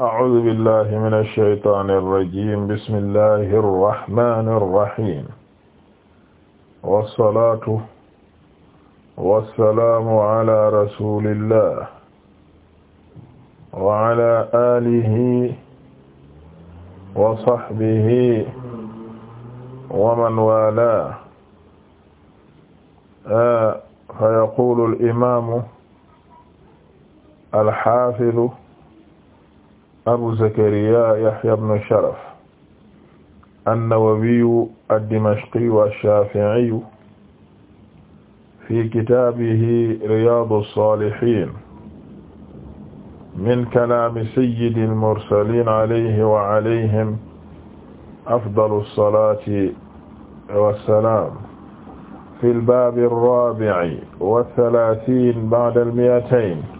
أعوذ بالله من الشيطان الرجيم بسم الله الرحمن الرحيم والصلاة والسلام على رسول الله وعلى آله وصحبه ومن والاه فيقول الإمام الحافظ abu zakariya yahya ibn sharaf an-nawawiyu ad-dimashqiyu ash-shafi'iyu fi kitaabihi riyaadu saalihiin min kalaami sayyidil mursaliin alayhi wa alayhim afdalu salaati wa salaam fil baabi raabi'i wa salaasiin ba'dal mi'atayn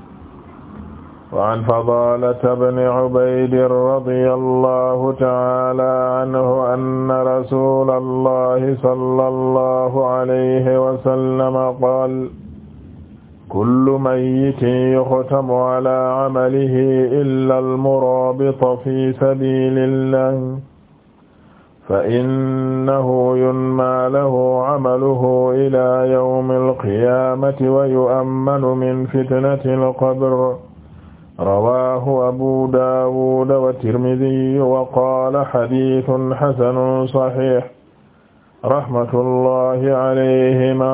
wa an Fadaalata bni Ubaydin radiyallahu ta'aala anhu anna rasuulallahi sallallahu alayhi wa sallam qaala kullu mayyitin yuxtamu alaa camalihi illaa al-muraabita fi sabiilillahi fa innahu yunmaa lahu camaluhu ilaa yawmil qiyaamati wa yu'ammanu min fitnatil qabr rawaahu abu daawuda wa tirmidiyu wa qaala xadiisun xasanun saxiix rahmatullahi alayhima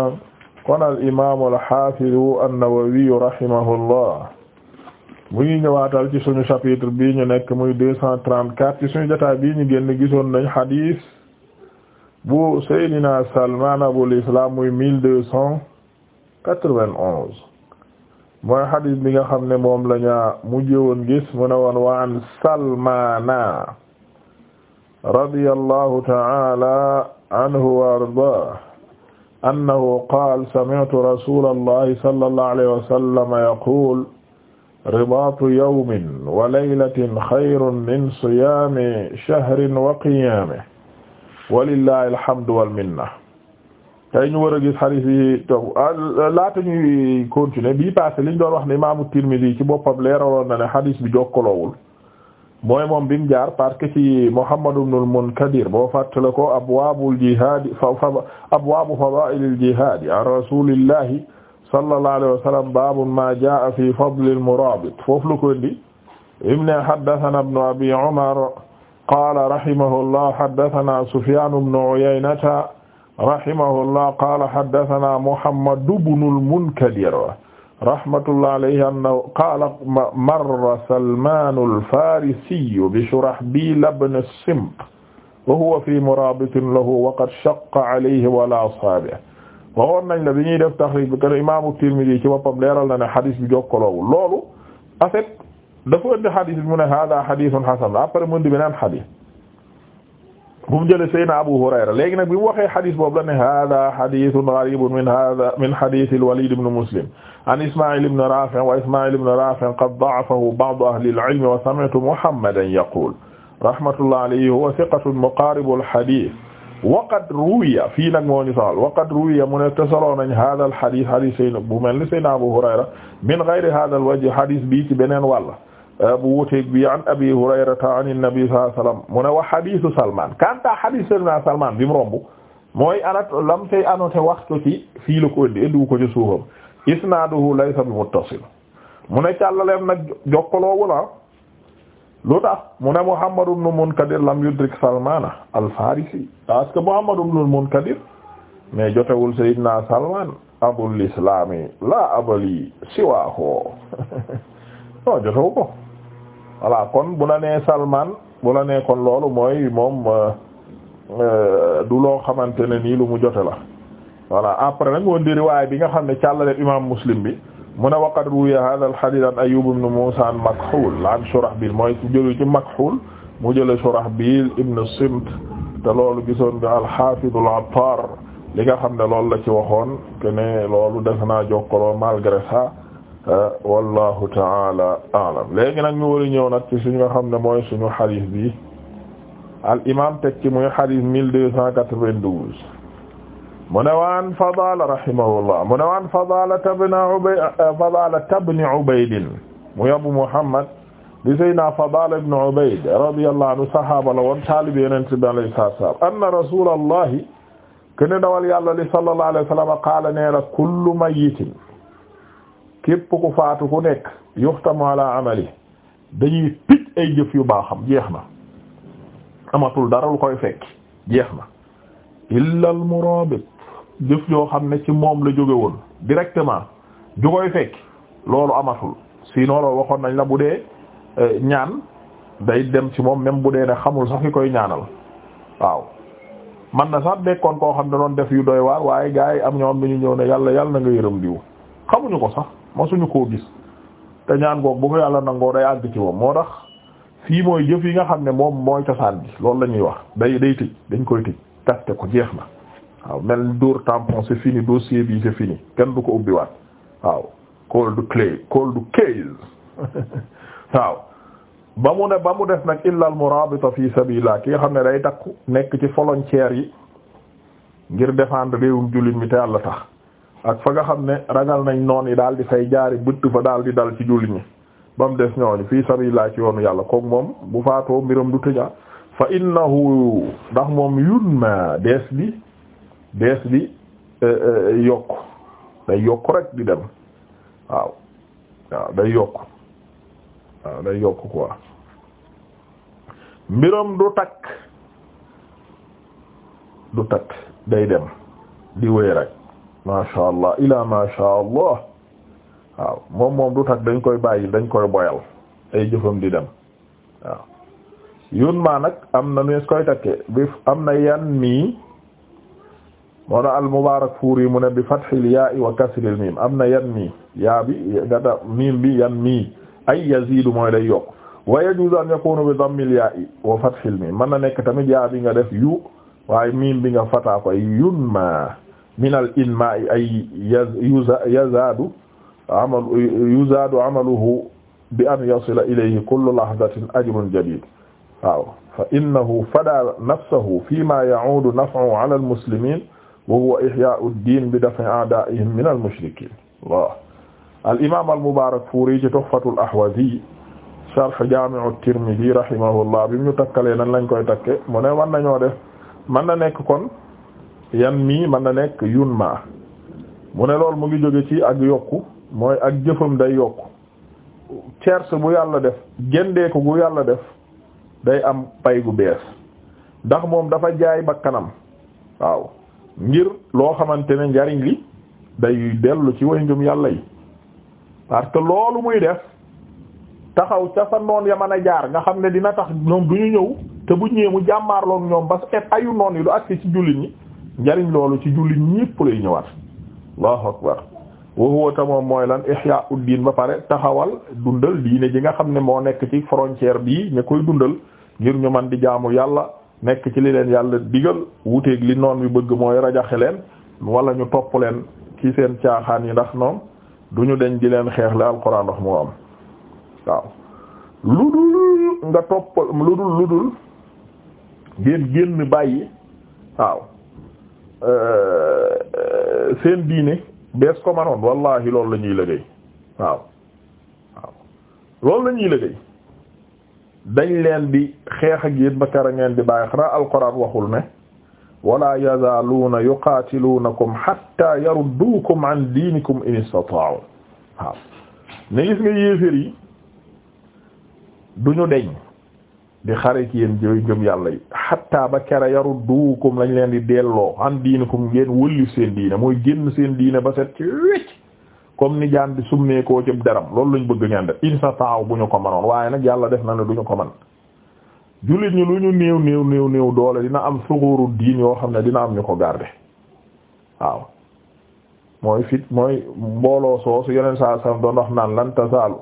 kon al imaamu alxaafidu annawawiyu rahimahullah mu ngi ñëwaatal ci suñu chapitre bii ñu nekk muy deux cent trente-quatre ci suñu jotaay bii ñu génn gisoon nañ xadiis bu seydina salmaan abul islaam muy mille deux cent quatre-vingt-onze mooy xadis bi nga xam ne moom la ñu mujjee woon gis mu ne woon wa an salmaana radiyallahu ta'ala anhu wa ardaahu annahu qaala sami'tu rasuulallahi sallallahu alayhi wa sallam yaquulu ribaatu yawmin wa laylatin xayrun min siyaami shahrin wa qiyaamihi wa lillaahil hamdu wal minna tey ñu war a gis xadis yi toog ah laata ñuy continuer bii passé liñ doon wax ne imaamu Tirmidhi ci boppam leeraloon na ne xadis bi jokkaloowul mooy moom bi mu jaar parce que ci Muhammad ibn al-Munkadir boo fàttale ko abwaabul jihaad fa abwaabu fadaa'ilil jihaad an rasuulillahi sallallahu alayhi wa sallam baabu maa jaa'a fi fadlil muraabit foofu la ko indi imne haddathana ibnu abi Umar qaala rahimahullah haddathana Sufyaan ibnu Uyaynata rahimahullah qaala haddasanaa Muhammadu bnul Munkadir rahmatullahi alayhi annahu qaala marra Salmaanul Faarisiyyu bi Shurahbiil ibn Simt wa huwa fii muraabitin lahu wa qad shaqqa alayhi walaa asaabihi waxoon nañ la bi ñuy def taxriij bi kon imaamu Tirmidi ci boppam leeral na ne xadis bi jokkaloowul loolu en fait dafa indi xadis bi mu ne haadaa xadiisun hasan après mu indi beneen xadis bu mu jëlee Seydina Abu Hurayra léegi nag bi mu waxee xadis boobu la ne hada xadisun garibun min hada min xadis al-Walid ibn Muslim an Ismaïl ibn Rafi' wa Ismaïl ibn Rafi' qad da'afahu ba'du ahli al-ilm wa sami'tu Muhammadan yaqul rahmatullah alayhi huwa thiqatun muqaribul hadith wa qad ruwiya fii nag moo ñu soxal wa qad ruwiya mu ne tasaloo nañ hada al-hadith hadis bu mel ni Seydina Abu Hurayra min ghayri hada al-wajh hadis bi ci beneen wàll bu wuteeg bi an abi hurayrata an nabi sallallahu alayhi wasallam wa hadithu salman kanta hadith sayyidina salman bi mu romb mooy anat lam waxtu ci fii la ko indi indiwu ci suufam isnaaduhu laysa bi muttasil mu ne càllaleem nag jokkaloo wala ah. lu muhammad ibn munkadir lam yudrik salmana al farisi parce que muhammad ibn munkadir mais voilà kon bu la nee Salman bu la nee kon loolu mooy moom euh, euh, du loo xamante ne nii lu mu jote la voilà après nag woon di riwaay bi nga xam ne càllale imam Muslim bi mu ne waqad ruwiya hadha al-hadith an Ayyub ibn Musa an Makhul an Shurahbil mooy ku jëlu ci Makhul mu jële Shurahbil ibn Simt te loolu gisoon nga al-Hafiz al-Attar li nga xam ne loolu la ci waxoon que ne loolu def naa jokkaloo malgré ça Ah, wallahu taala alam léegi nag ñu war a ñëw nag ci suñu nga xam ne mooy suñu xadis bi al imam teg ci muy xadis mille deux cent quatre-vingt-douze mu ne waan Fadala rahimahullah mu ne waan Fadala tabna Ubayd Fadala tabni Ubaydin muy Abu Muhammad di Seydina Fadala ibn Ubayd radiyallahu anhu sahaaba la woon taalibi Yonent bi alayhi salaatu wa salaam anna rasulallahi kene dawal yàlla li sallallahu alayhi wa sallam qaala nee la kullu mayyitin képp ku faatu ku nekk yuxtamu ala amali dañuy picc ay jëf yu xam jeex na amatul dara lu koy fekk jeex na illa al murabit jëf yoo xam ne ci moom la jóge woon directement ju koy fekk loolu amatul sinon loolu waxoon nañ la bu dee eh, ñaan day dem ci moom même bu dee ne xamul sax ki koy ñaanal waaw man na sax dekkoon koo xam ne doon def yu doy waar waaye gars yi am ñoom bi ñu ñëw ne yàlla yàlla na nga yërëm diw xamuñu ko sax masuñu koo gis te ñaan goog bu ko yàlla nangoo day àgg ci moom moo tax fii mooy jëf yi nga xam ne moom mooy cosaan bi loolu la ñuy wax day day tëj dañ koy tëj kaste ko jeex na waaw mel ni dóor tampon c'est fini dossier bi c'est fini kenn du ko ubbiwaat waaw cold clay cold case waaw ba mu ne ba mu def nag illa al fi sabilillah ki nga xam ne day takku nekk ci volontaire yi ngir défendre réewum jullit mi te yàlla tax ak fa nga xam ne ragal nañ noon yi daal di fay jaari bëtt fa daal di dal ci julli ñi ba mu des ñooñu fii sabilillah ci yoonu yàlla kook moom bu faatoo mbiram du tëja fa innahu ndax moom yunma dees bi dees bi eh, eh, yokk day yokk rek di dem waaw waaw day yokk waaw day yokk quoi mbiram du takk du takk day dem di wéy rek maasha allah ilaa maasha allah waaw moom moom du dañ koy bàyyi dañ koy boyal ay jëfam di dem yun maa am na nees koy takke am na yan mi moo na al yi mu ne bi fathil yaa i wa kasril miim am na yan mii yaa bi nga yan mii ay yaziidu mooy day yokk wa yajuuzu mën na nekk tamit yaa bi nga def yu waaye miim bi nga fataa koy yun ma minal inma'i ay yuzaadu amal yuzaadu amaluhu bi an yasila ilayhi kullu lahdatin ajrun jadid waaw fa innahu fada nafsahu fiima ya'uudu naf'uhu ala al-muslimiin wa huwa ihyaa'u ad-diin bi daf'i a'daa'ihim mina al-mushrikiin Allah al-imaam al-Mubaarakfuuri ci Tuhfatul Ahwazi sharh Jaami' at-Tirmidhi rahimahullah bi ñu takkalee nan lañ koy takke mu ne war nañoo def mën na nekk kon yan mii mën a nekk yun ma mu ne loolu mu ngi jóge ci ak yokku mooy ak jëfam day yokk cerce bu yàlla def gendeeku gu yàlla def day am pay gu bees ndax moom dafa jaay kanam waaw ngir loo xamante ne njariñ li day dellu ci way ngëm yàlla yi parce que loolu muy def taxaw ca fa noon ya man a jaar nga xam ne dina tax ñoom du ñu ñëw te bu ñëwee mu jàmmaarloon ñoom ba sa ayu noon yi lu agsi ci jullit ñi njariñ loolu ci jullit ñépp lay ñëwaat allahu akbar wa huwa ta moom mooy lan ihyaa'u diin ba pare taxawal dundal diine ji nga xam ne moo nekk ci frontière bii ñu koy dundal ngir ñu man di jaamu yàlla nekk ci li leen yàlla digal wuteeg li noon bi bëgg mooy rajaxe leen wala ñu topp leen ci seen caaxaan yi ndax noom du ñu deñ di leen xeex le alxuraan ndox moo am waaw lu dul nga topp lu dul lu dul génn bàyyi waaw Euh, euh, seen diine bees ko manoon wallahi loolu la ñuy liggéey waaw waaw loolu la ñuy liggéey dañ leen di xeex ak yéen ba kara ngeen di bàyyi xanaa alquran waxul ne wala yazaaluuna yuqaatiluunakum hatta yarudduukum an diinikum in istataa'u waaw ne gis nga yéefér yi duñu deñ di xare ci yéen jëw yàlla yi xatta ba kere kera yarudduukum lañ leen di delloo an diinikum ngeen wëlli seen diine mooy génn seen diine ba set ci wecc comme ni jaan di summeekoo ci deram loolu lañ bëgg ngeen def in sa taaw bu ñu ko manoon waaye nag yàlla def na ne duñu ko man jullit ñi lu ñu néew néew néew doole dina am suxuru diin yoo xam ne dina am ñu ko garde waaw mooy fit mooy mbooloo soosu yeneen saa sam doo wax naan lan tasaalu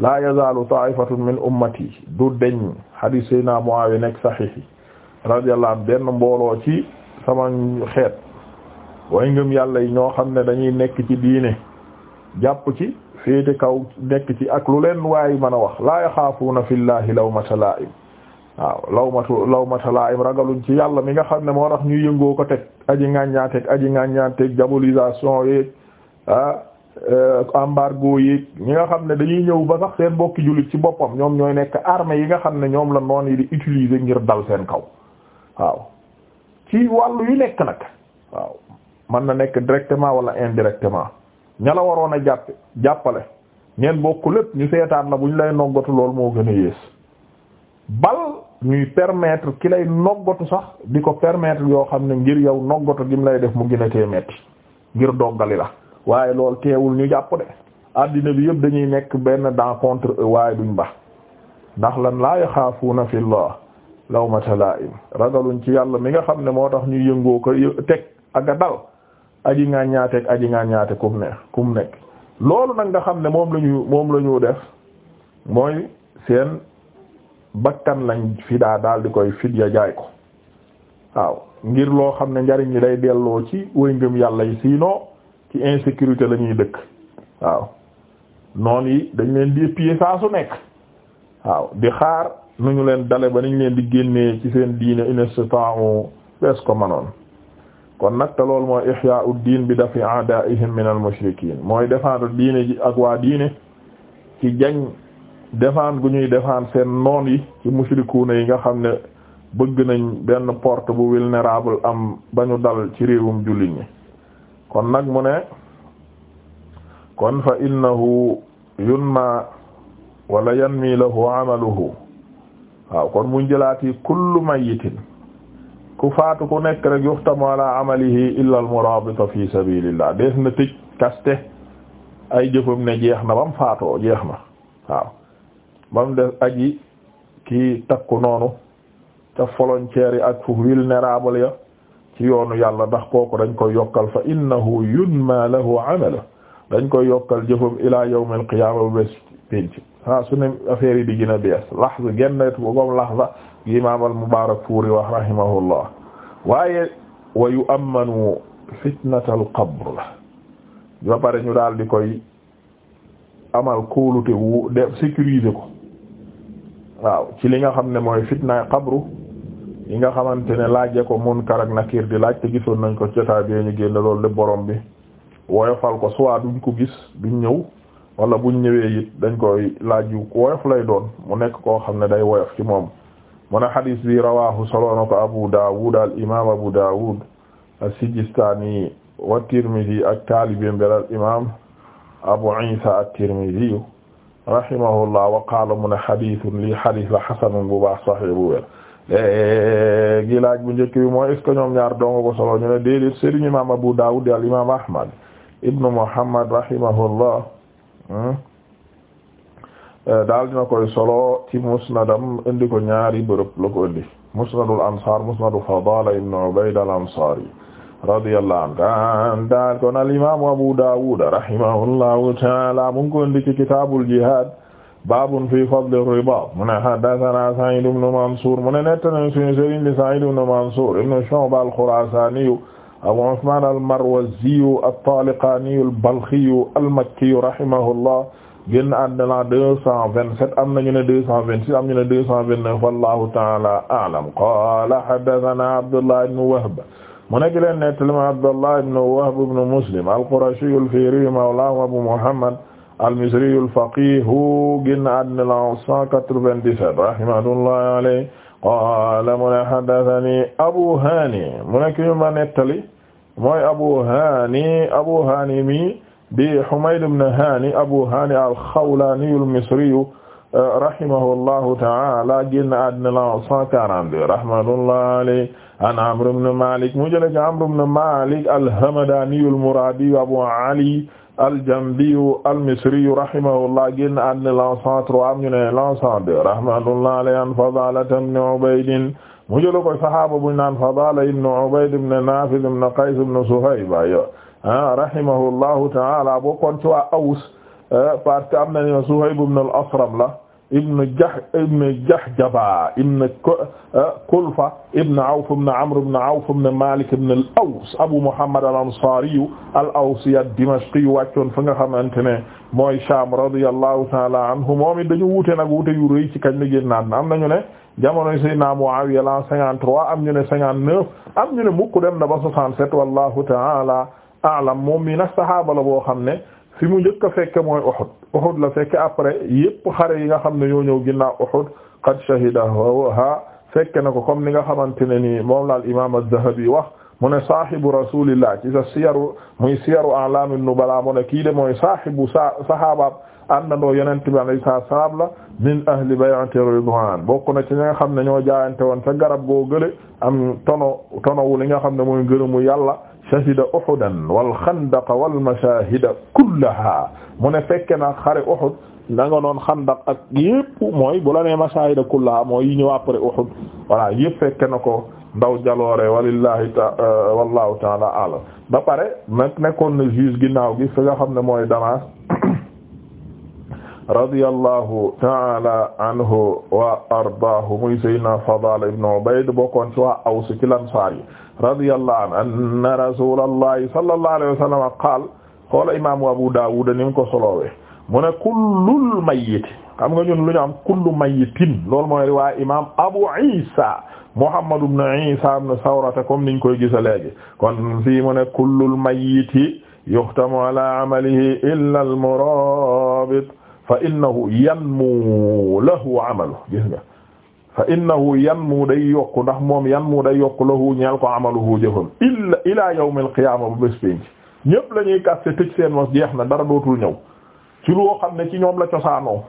la yazaalu ta'ifatun min ummati du deñ hadith sayna Muawiya nekk sahih radiyallahu anhu benn mbooloo ci sama xeet way ngëm yàlla yi ñoo xam ne dañuy nekk ci diine jàpp ci féete kaw nekk ci ak lu leen waaye mën a wax la yaxaafuuna fillahi lawmata laa'im waaw lawmatu lawmata laa'im ragaluñ ci yàlla mi nga xam ne moo tax ñuy yëngoo ko teg aji ngàññaa aji ngàññaa teg diabolisation ah, Euh, embargo yi ñi nga xam ne dañuy ñëw ba sax seen bokki jullit ci boppam ñoom ñooy nekk armée yi nga xam ne ñoom la noon yi di utiliser ngir dal seen kaw waaw ci wàllu yu nekk nag waaw mën na nekk directement wala indirectement ña la waroon a jàpp jàppale ngeen bokk lépp ñu seetaan la bu ñu lay noggatu loolu moo gën a yées bal ñuy permettre ki lay noggatu sax di ko permettre yoo xam ne ngir yow noggatu gi mu lay def mu gën a tee metti ngir doggali la waaye lool teewul ñu jàpp de addina bi yëpp dañuy nekk benn dans contre waaye duñ baax ndax lan laa yaxaafuuna fi llah lawmata laa'im ragaluñ ci yàlla mi nga xam ne moo tax ñuy yëngoo ko teg ak a dal aji ngaa ñaateeg aji ngaa ñaate kum ne kum nekk loolu nag nga xam ne moom la ñu moom lañu def mooy seen bakkan lañ fi daa daal di koy fidya jaay ko waaw ngir loo xam ne njariñ li day delloo ci way yàlla yi siinoo ci insécurité la ñuy dëkk waaw noon yi dañ leen di épier saa su nekk waaw di xaar nu ñu leen dale ba nañ leen di génnee ci seen diine inestatan bees ko manoon kon nag te loolu mooy ihyaa'u diin bi dafi a'daa'ihim min al-mushrikiin mooy défendre diine ji ak waa diine ci jañ défendre gu ñuy defaan seen noon yi ci mushrikuuna yi nga xam ne bëgg nañ benn porte bu vulnérable am ba ñu dal ci réewum jullit ñi kon nag mu ne kon fa innahu wala yanmi lahu amaluhu waaw kon mu jëlaati kullu mayitin ku faatu ku nekk rek yuxtamu ala amalihi illa al fi sabilillah dees na tëj kaste ay jëfam ne jeex na bam faatoo jeex waaw bam des aji kii takku noonu ca frontière yi ak fu vulnérable ya ci yoonu yàlla ndax kooku dañ koy yokkal fa yunma lahu amala dañ koy yokkal jëfam ila yawm al qiyama bés pénc ah su ne affaire yi di gën a bees lahza gennet boom lahza imam al mubarak fuuri wa rahimahullah waaye wa yu'ammanu fitnat al qabr ba pare ñu daal di koy amal kóolute wu de sécuriser ko ci li nga xam ne mooy fitnaay qabru yi nga xamante ne laajee ko munkar ak nakiir di laaj te gisoon nañ ko jotaay bi ñu génn loolu borom bi woyofal ko soit duñ ko gis duñ ñëw wala buñ ñëwee dañ koy laaj yu woyof lay doon mu nekk koo xam ne day woyof ci moom mu ne bi rawahu solo na ko Abu Dawud al imaam Abu Dawud as-Sijistani wa Tirmidhi ak taalibin bi al imaam Abu Isa at-Tirmidhi rahimahullah wa qaala mu ne li lii xadis la xasanun bu baax sahih bu léegi laaj bu njëkk bi mooy est-ce que ñaar dong ko solo ñu ne déedéet sëriñ imam Abu Dawud al imam Ahmad ibnu Muhammad rahimahullah hmm, eh, daal dina solo ci musnadam indi ko ñaari bërëb la ko indi musnadul musnadu Fadala ibnu Ubayd al ansari ta'ala mu ngi ko indi ci baabun fi fadli ribaat mu ne haddasanaa Sa'iid ibn Mansuur mu ne nettali suñu sëriñ di Sa'iid ibn Mansuur ibn Shu'ba al-Khurasaaniyu Abuu Usmaan al-Marwaziyu at-Taaliqaaniyu al-Balkhiyu al-Makkiyu rahimahullah génn àddina 227 am nañu ne 226 am nañu ne 229 wallaahu ta'aalaa a'lam qaala haddasanaa Abdullah ibn Wahb mu nekk leen nettali ma Abdullah ibn Wahb ibn Muslim al-Qurashiyu al-Fiihriyu mawlaahum Abuu Muhammad al-Misri al-faqih génn àddina la 197 rahimahullah alayhi qaala mu ne haddathani Abu Hani mu nekk ñu ma nettali mooy Abu Hani Abu Hani mi di Humayd ibn Hani Abu Hani al-Khawlani al-Misri rahimahullahu ta'ala génn àddina la 142 rahimahullah alayhi an Amr ibn Malik mu jële ci Amr ibn Malik al-Hamadani al-Muradi Abu Ali aljambiyu almisriyu rahimahullah génn àddina l'an cent trois am ñu ne l'an cent deux rahmatullah alayhi an Fadala ibn Ubayd mu jëlo koy sahaaba buñ naan Fadala ibn Ubayd ibn Nafiz ibn Qays ibn Suhayb rahimahullahu ta'ala bokkoon ci waa Aws eh, parce que am na Suhayb ibn al-Asram la ibn jah ibn jahjaba ibn eh, kulfa ibn awf ibn amr ibn awf ibn malik ibn al aws abu muhammad al ansari al awsi ad dimashqi wàccoon fa nga xamante ne mooy sham radiyallahu taala anhu moom it dañu wuute nag wuute yu rëy ci kañ la génnaat na am nañu ne jamonoy sayyidina muawiya la 53 am ñu ne 59 am ñu ne mukk dem na ba 67 wallahu taala a'lam moom mi nag sahaaba la boo xam ne fi mu njëkk a fekke mooy Uhud Uhud la fekke après yépp xare yi nga xam ne ñoo ñëw ginnaaw Uhud qad shahidaha fekke na ko comme ni nga xamante ne nii moom la al imaam az-Zahabi wax mu ne saahibu rasulillah ci sa siyaru muy siyaru a'lamin nubala mu ne kii de mooy saahibu sa sahaabab àndandoo yonent bi alayhi salaam la min ahli bay'ati ridwan bokk na ci nga xam ne ñoo jaayante woon ca garab goo gële am tono tono wu li nga xam ne mooy ngërëmu yàlla shahida Uhudan wal xandaq wal mashahida kullaha mu ne fekke na xare Uhud da nga noon xandaq ak yëpp mooy bu la nee mashahida kullaha mooy yi ñëw après Uhud voilà yëpp fekke na ko ndaw jaloore walillahi ta euh, wallahu taala alam ba pare nag nekkoon na juge ginnaaw gi fi nga xam ne mooy Damas radiyallahu taala anhu wa ardaahu muy Seydina Fadala ibn Ubayd bokkoon ci waa Aws ci Ansaar yi radiyallahu anhu anna rasulallahi sallallahu alayhi wa sallam qaal xoola imaamu Abu Dawud ni mu ko solowee mu ne kullul mayyit xam nga ñun lu ñu am kullu mayyitin loolu mooy riwaaya imaam Abu Isa Muhammad ibn Isa ibn Sawrata comme niñ koy gisa léegi kon fii mu ne kullul mayyiti yuxtamu ala amalihi illa al murabit fa innahu yanmu lahu amalu gis nga fa innahu yan mu day yokku ndax moom yan mu day yokku lahu ñeel ko amaluhu jëfam illa ilaa yawmil qiyaama bu bés penc ñépp la kaste tëj seen mos jeex na dara dootul ñëw ci loo xam ne ci ñoom la cosaanoo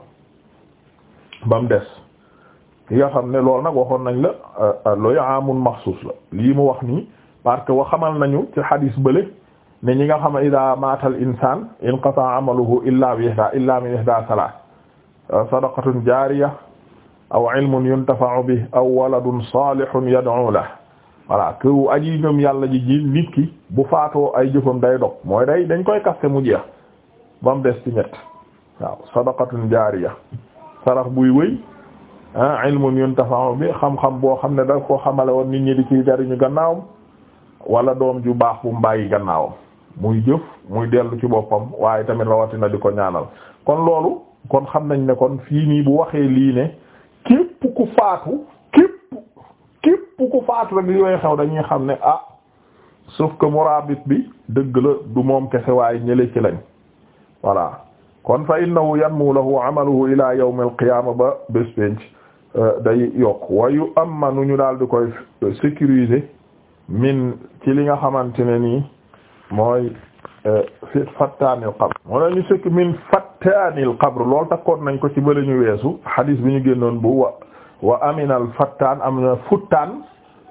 ba mu des ki nga xam ne loolu nag waxoon nañ la euh, euh, looy amun maxsuus la lii mu wax nii parce que wa xamal nañu ci xadiis bële ne ñi nga xam ida maatal insaan inqata amaluhu illa bi ihda illa min ihda salaas sadaqatun jaariya aw ilmun yuntafa'u bi aw waladun salihun yad'u la voilà këw aji ñoom yàlla ji ji nit ki bu faatoo ay jëfam day dog mooy day dañ koy kaste mu jeex ba mu des ci ñett waaw sadaqatun jaariya sarax buy wëy ah ilmun yuntafa'u bi xam-xam boo xam ne da ko xamale woon nit ñi di ciy jariñu gannaawam wala doom ju baax bu mu bàyyi gannaawam muy jëf muy dellu ci boppam waaye tamit rawatina di ko ñaanal kon loolu kon xam nañ ne kon fii nii bu waxee lii ne faatu képp képp ku faatu rek yooyu xew dañuy xam ne ah sauf que murabit bi dëgg la du moom kese waaye ñële ci lañ voilà kon fa innahu yanmu lahu amaluhu ila yawm al ba bés penc euh, day yokk wayu amma nu ñu daal di koy euh, sécuriser min ci li nga xamante ne nii mooy euh, fi fattaanil qabr moo ne ñu sëkk min fattaanil qabr loolu takkoon nañ ko ci ba ñu weesu hadis bi ñu génnoon bu wa wa aminal fattaan am na futtaan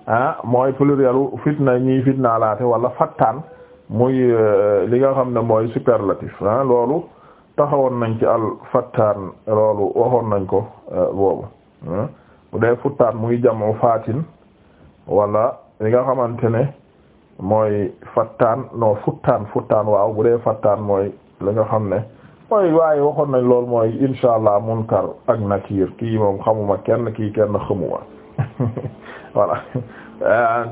ah mooy plurielu fitna ñii fitna laate wala fattaan muy euh, li nga xam ne mooy superlatif ah loolu taxawoon nañ ci al fattaan loolu waxoon nañ ko euh, boobu ah, bu dee futtaan muy jamu fatin wala li nga xamante ne mooy fattaan non futtaan futtaan waaw bu dee fattaan mooy li nga xam ne mooy waaye waxoon nañ loolu mooy insha allah munkar ak nakir kii moom xamuma kenn kii kenn xamuma voilà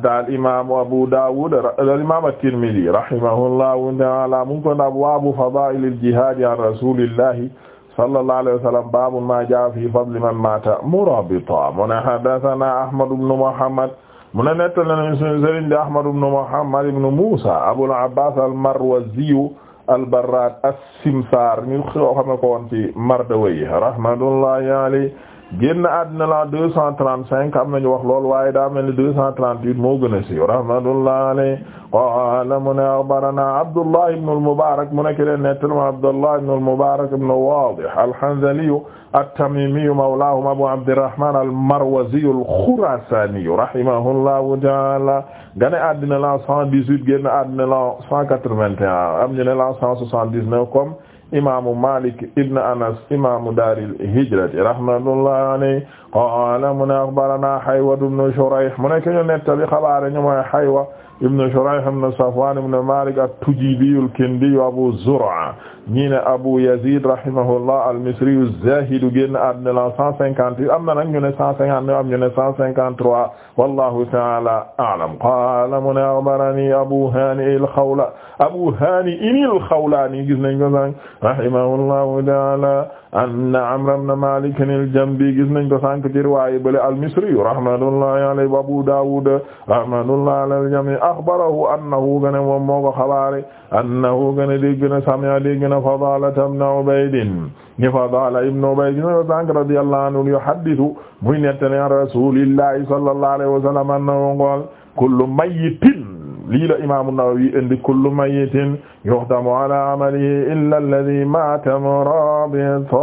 daal imaamu Abu Dawud daal imaamu at-Tirmidhi rahimahullahu ta'ala mu ngi ko abwaabu fadaa'il al-jihaad an rasuulillahi sallallahu alayhi wa sallam baabu maa jaa'a fii fadli man maata muraabitan mu ne haddathanaa Ahmad ibn Muhammad mu ne nettali na sëriñ bi Ahmad ibn Muhammad ibn Muusaa Abul Abbaas al-Marwazi albarrad as-simsaar ñu xaw xame ko woon ci Mardawayh rahmatullahi alayhi génn àddina la deux cent trente-cinq am nañu wax lool waaye daa mel ni deux cent trente-huit moo gën a siiw rahmatullah alayhi qaala mu ne axbarana Abdullah ibn al-Mubarak mu ne ki leen nettal ma Abdullah ibn al-Mubarak ibn Wadih al-Hanzali at-Tamimi mawlahum Abu Abdirrahman al-Marwazi al-Khurasani rahimahullahu ta'ala gane àddina la cent dix-huit génn àddina la cent quatre-vingt-un am ñu ne la cent soixante-dix-neuf comme imaamu Malik ibn Anas imaamu daaril hijrati rahmatullahi alayhi qaala mu ne axbaranaa Haywa ibn Shurayh mu ne ki ñu nettali xabaar ñu mooy Haywa ibn Shurayh ibn Safwan ibn Malik at-Tujibi al-Kindi Abu Zur'a ñii ne Abu Yazid rahimahullah al-Misri az-Zahid génn àddina la cent cinquante am na nag ñu ne cent cinquante neuf am ñu ne cent cinquante trois wallahu ta'ala a'lam qala mu ne akhbarani Abu Hani al-Khawla Abu Hani al-Khawlani gis nañ ko sànq rahimahullahu ta'ala anna Amr ibn Malik al-Jambi gis nañ ko sànq ci riwaaya bale al-Misri rahmatullahi alayhi wa Abu Dawud rahmatullahi alayhi al-jami' akhbarahu annahu gane moom moo ko xabaare annahu gane dégg na sami'a dégg na Fadaalata ibn Ubayd ni Fadaala ibn Ubayd radiyallahu anhu yuhaddithu muy nettali an rasuulillahi sallallahu alayhi wa sallam annahu qaala kullu mayyitin lii la imaam an-Nawawi indi kullu mayyitin yuhtamu ala amalihi illa alladhi maata muraabita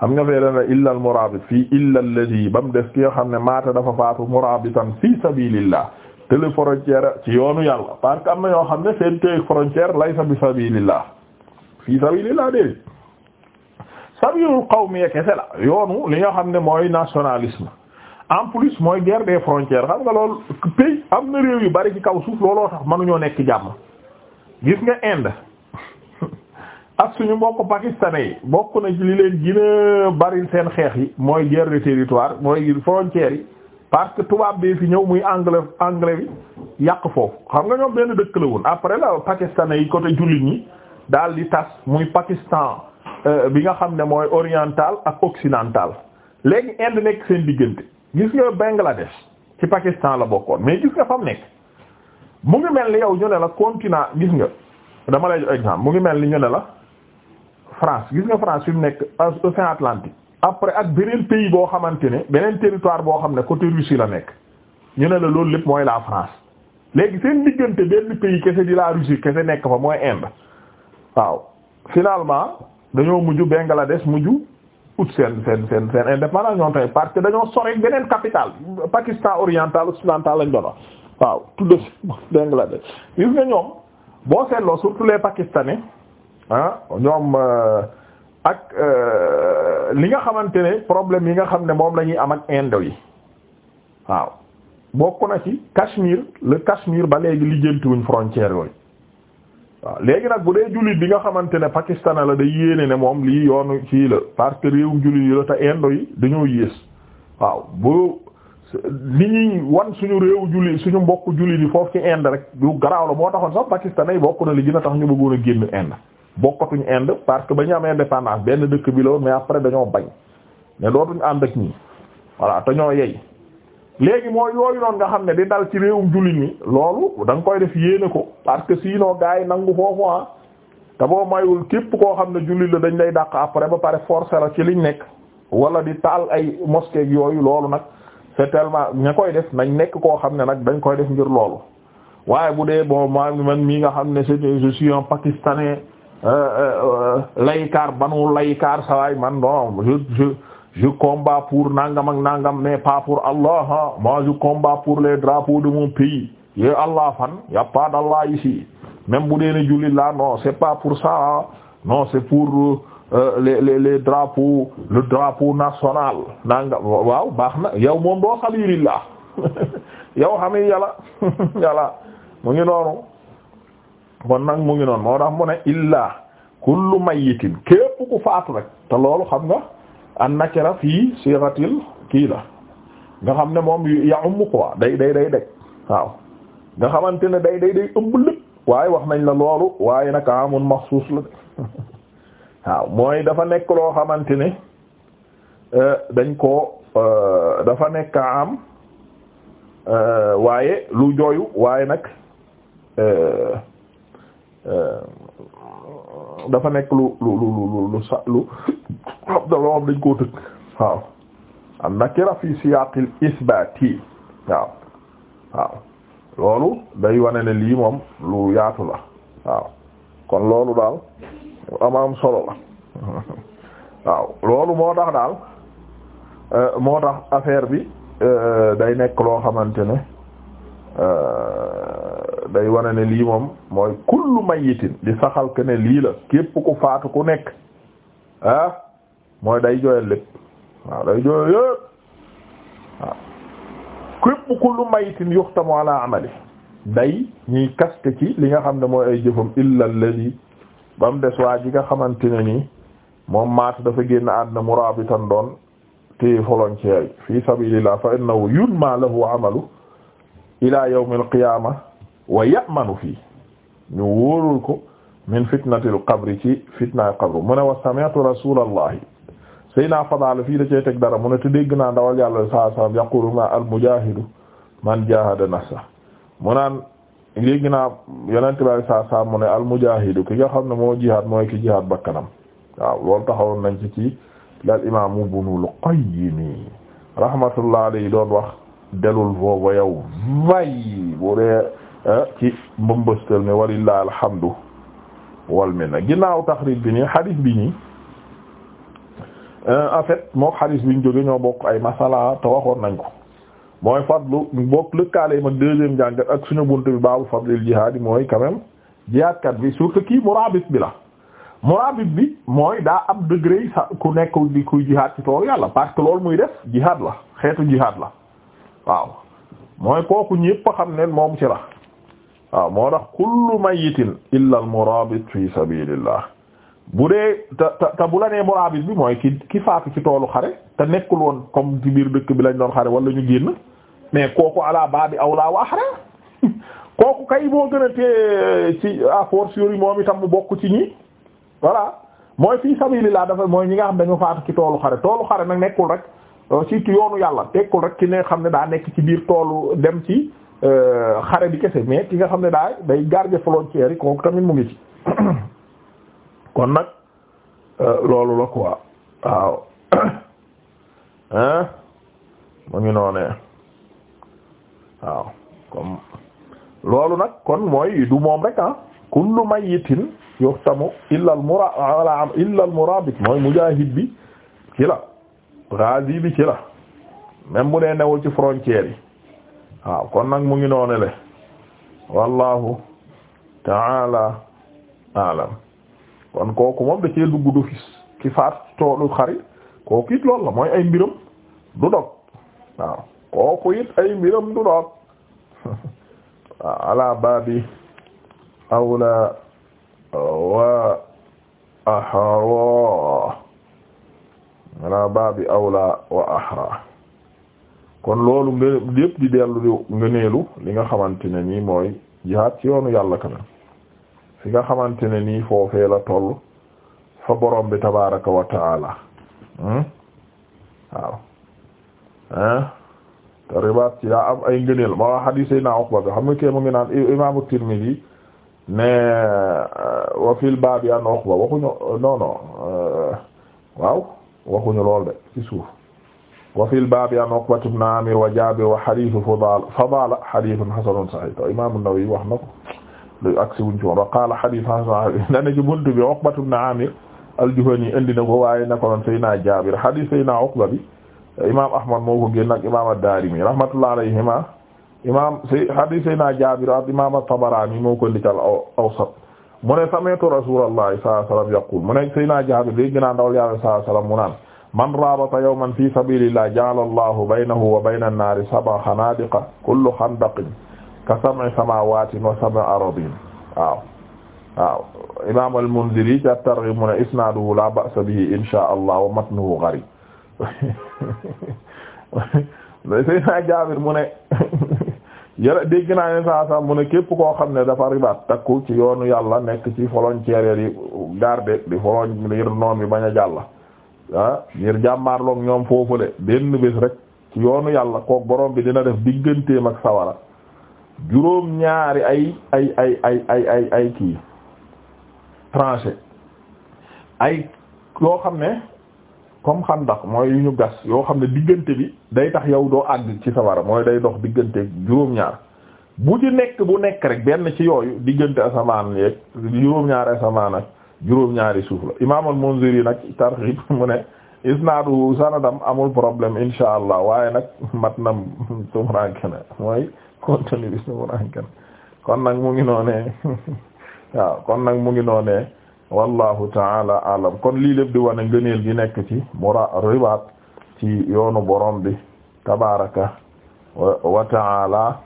xam nga fee dana illa al-muraabit fii illa alladhi ba mu des ki nga xam ne maata dafa faatu muraabitan fii sabiilillah tële frontière ci yoonu yàlla parce que am na yoo xam ne seen téye frontière laysa bi sabilillah fii sabilillah déedéet sabilul qawmi kese la yoonu li nga xam ne mooy nationalisme en plus mooy guerre des frontières xam nga loolu pays am na réew yu bari ci kaw suuf looloo tax mënuñoo nekk jàmm gis nga Inde ak suñu mbokk pakistanais yi bokk na ci li leen gën a bari seen xeex yi mooy guerre de territoire mooy frontières yi parce que tubaab bee fi ñëw muy anglais anglais bi yàq foofu xam nga ñoom benn dëkk la woon après la pakistanais yi côté jullit ñi daal di tas muy Pakistan euh, bi nga xam ne mooy oriental ak occidental léegi Inde nekk seen diggante gis nga Bangladesh ci Pakistan la bokkoon mais gis nga fa mu nekk mu ngi mel ni yow ñu ne la continent gis nga dama lay jox exemple mu ngi mel ni ñu ne la France gis nga France fi mu nekk océan Atlantique. après ak beneen pays boo xamante ne beneen territoire boo xam ne côté Russie la nekk ñu ne la loolu lépp mooy la France léegi seen diggante benn pays kese di la Russie kese nekk fa mooy Inde waaw finalement dañoo mujj Bangladesh mujj ut seen seen seen seen indépendance ñoom tamit parce que dañoo sore beneen capitale Pakistan oriental occidental lañ doon waaw tudde Bangladesh gis nga ñoom boo seetloo surtout les Pakistanais ah ñoom. Euh, ak euh, li nga xamante ne problème yi nga xam ne moom lañuy ñuy am ak indo yi waaw bokk na ci Cachemire le Cachemire ba léegi lijjantiwuñ frontière yooyu waaw léegi nag bu dee jullit bi nga xamante ne pakistana la da yéene ne moom lii yoonu ci la parce que réewum jullit yi la te indo yi dañoo yées waaw bu li ñuy wan suñu réewu jullit suñu mbokk jullit yi foofu ci Inde rek du garaaw la moo taxoon sax pakistana yi bokk na li gën a tax ñu bëggoon a génn Inde bokkatuñ Inde parce que ba ñu am indépendance benn dëkk bi mais après dañoo bañ ne dootuñ ànd ak ñii voilà te ñoo yey léegi mooy yooyu noonu nga xam ne di dal ci réewum jullit ñi loolu da koy def yéene ko parce que sinon gars yi nangu foofu ah te boo mayul képp koo xam ne jullit la dañ lay dàq après ba pare forcer la ci liñ nekk wala di taal ay mosquée yooyu loolu nag c'est ña koy def nañ nekk koo xam ne nag dañ koy def ngir loolu waaye bu dee bon man mii nga xam ne je suis Euh, euh, euh, laykaar banu laykaar sawaay man non je combat pour nangam ak nangam mais pas pour Allah ah. moi je combat pour les drapeaux de mon pays ye Allah fan y a pas d'Allah même bu dee ne jullit non c'est pas pour ça ah. non c'est pour les drapeaux le drapeau national nangam waaw baax na yow moom doo xalilillah yow xam yàlla yàlla mu ngi noonu kon nag mu ngi noon moo tax mu ne illaa kullu mayitin képp ku faatu rek te loolu xam nga an nakira fii siratil kii la nga xam ne moom ya umm quoi day day day deg waaw nga xamante ne day day day ëmb lépp waaye wax nañ la loolu waaye nag amun maxsuus la de waaw mooy dafa nekk loo xamante ne euh, dañ ko euh, dafa nekk am euh, waaye lu jooyu waaye nag Euh, dafa nekk lu lu lu lu sa lu ab dal am dañ koo tëkk waaw an nakira fi siyaqil isbati waaw waaw loolu day wane ne lii moom lu yaatu la waaw kon loolu daal amaam solo la waaw loolu moo tax daal euh, moo tax affaire bi euh, day nekk loo xamante ne day wane ne lii moom mooy kullu mayitin di saxal ke ne lii la képp ku faatu ku nekk ah mooy day jooyal lépp waaw day jooyal lépp waaw képp kullu mayitin yuxtamu ala amali day ñuy kaste ci li nga xam ne mooy ay jëfam illa alladhi ba des waa ji nga xamante ne nii moom maata dafa génn àdduna murabitan doon téye volontaire fi sabilillah fa innahu yunma lahu amalu ila yawmil qiyamah wa ya'manu fii ñu wóorul ko min fitnatil qabri ci fitnaay qabru mu ne wa sami'tu rasulallahi sayna fadal fii da cee teg dara mu ne te dégg naa ndawal yàlla sallallahu alayhi wasallam yaqulu ma al mujahidu man jahada nafsa mu naan dégg naa yonente bi sallallahu alayhi wasallam mu ne al mujahidu ki nga xam moo jihaad mooy ki jihaad bakkanam waaw loolu taxawoon nañ ci ci lal imaamu Ibnul Qayyim rahmatullah alayhi doon wax delul foofu yow vay bu Ah, ci mbëmbëstal mi walillahi alhamdu wal minna ginnaaw taxrib bi nii hadith bi nii ah, en fait mook bi ñu jóge ñoo bokk ay masala te waxoon nañ ko mooy fadlu bokk lëkkaale ma deuxième jàngat ak suñu bunt bi baabu fadlil jihaad yi mooy quand même jihaadkat bi surtout kii murabit bi la murabit bi mooy daa am degré sa ku nekk kuy jihaad ci toolu yàlla parce que loolu muy def jihaad la xeetu jihaad la waaw mooy kooku ñépp xam ne moom ci la waaw moo tax kullu mayitin illa al murabit fi sabilillah bu dee te te bu la nee murabit bi mooy ki ki faatu ci toolu xare te nekkul woon comme ci biir dëkk bi lañ doon xare wala ñu génn mais kooku ala baabi awla wa ahra kooku kay boo gën a tee ci à force yori moom itam mu bokk ci ñi voilà mooy fii sabilillah dafa mooy ñi nga xam dañu faatu ci toolu xare toolu xare nag nekkul rek euh, surtout yoonu yàlla tekkul rek ki ne xam ne daa nekk ci biir toolu dem ci Euh, xare bi kese mais ki nga xam ne daay day garder frontière yi kooku tamit mu ngi ci kon nag euh, loolu la quoi waaw hein mu ngi noonee waaw comme loolu nag kon mooy du moom rek ah kullu mayyitin yuhtamu illa al mura ala am murabit mooy mujahid bi ci la ghazi bi ci la même bu dee newul ci frontière yi waaw kon nag mu ngi noone le wallahu taala alam kon kooku moom da cee dugg du ki faat toolu xari kooku it loolu la mooy ay mbiram du dog kooku it ay mbiram du dog ala babi awla wa ahra ala babi awla wa ahra kon loolu nga lépp di dellu ngëneelu li nga xamante ne nii mooy jihaad ci yoonu yàlla kanam fi nga xamante ne nii foofee la toll fa borom bi tabaraka wa taala hmm? waaw ah te ci daa am ay ngëneel ma wax hadis yi naa Uqba bi xam nga kee mu ngi naan imaamu Tirmidhi ne euh, wa fil baabi an Uqba waxuñu non euh, waaw waxuñu lool de ci suuf wa fil baabi an Uqbata ibn Aamir wa Jaabir wa hadiisu Fadaala hadiisun hasanun sahiih te Imaam An-Nawawi wax na ko lu agsi wuñ ci woon wa qaala hadiisun hasanun nee na ci bunt bi Uqbata ibn Aamir al-Juhani indi na ko waaye naka noonu Seydina Jaabir hadiis Seydina Uqba bi Imaam Ahmad moo ko génne ak Imaam Ad-Daarimi rahmatullahi alayhimaa Imaam hadiis Seydina Jaabir ak Imaam At-Tabaraani moo ko indi ci Al-Awsat mu ne sami'tu Rasuulallahi sallallahu alayhi wa sallam yaqul mu ne Seydina Jaabir dégg naa ndawal Yàlla sallallahu alayhi wa sallam mu naan man rabata yawman fi sabilillah ja'ala allahu baynahu wa bayna an-naari sab'a xanaadiqa kullu xandaqin ka sab'i samaawatin wa sab'i aradin waaw waaw imam al-Munziri ca targhib mu ne isnaaduhu la ba'sa bihi insha allah wa matnuhu gharib Seydina Jaabir mu ne yàlla dégg naa ne saa saa mu ne képp koo xam ne dafa ribaat takku ci yoonu yàlla nekk ci volontaires yi garde di volontaire noon bi bañ a jàlla ah ngir jàmmaarloog ñoom foofule benn bés rek ci yoonu yàlla kook boroom bi dina def digganteem ak sawara juróom ñaari ay ay ay ay ay ay kii tranché ay yoo xam ne comme ndax mooy yu ñu gas yoo xam ne diggante bi day tax yow doo àgg ci sawara mooy day dox diggante juróom-ñaar bu ci nekk bu nekk rek benn ci yooyu diggante asamaan yeeg juróom-ñaar asamaan ak juróom-ñaari suuf la imaam al-Munziri nag tarxiib mu ne isnaadu sanadam amul problème insha allah waaye nag matnam tumuranke ne mooy contenu bi tumuranke ne kon nag mu ngi kon nag mu ngi noonee wallahu taala alam kon lii lépp di wane ngëneel gi nekk ci mura ribaat ci yoonu borom bi tabaraka wa taala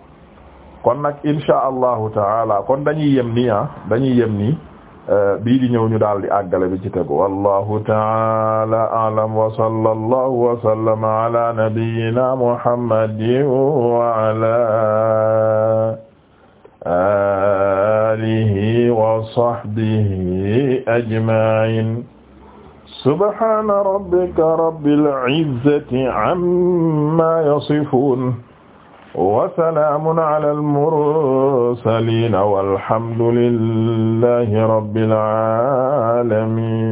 kon nag insha allahu taala kon dañuy yem nii ah dañuy yem nii Euh, bii di ñëw ñu daal di àggale bi ci tegu wallahu ta'ala a'lam wa sallallahu wa sallama ala nabiyyina muhammadin wa ala alihi wa sahbihi ajma'in subhana rabbika rabbil izzati amma yasifun wasalaamun ala al-mursaliin walhamdu lillaahi rabbil aalamiin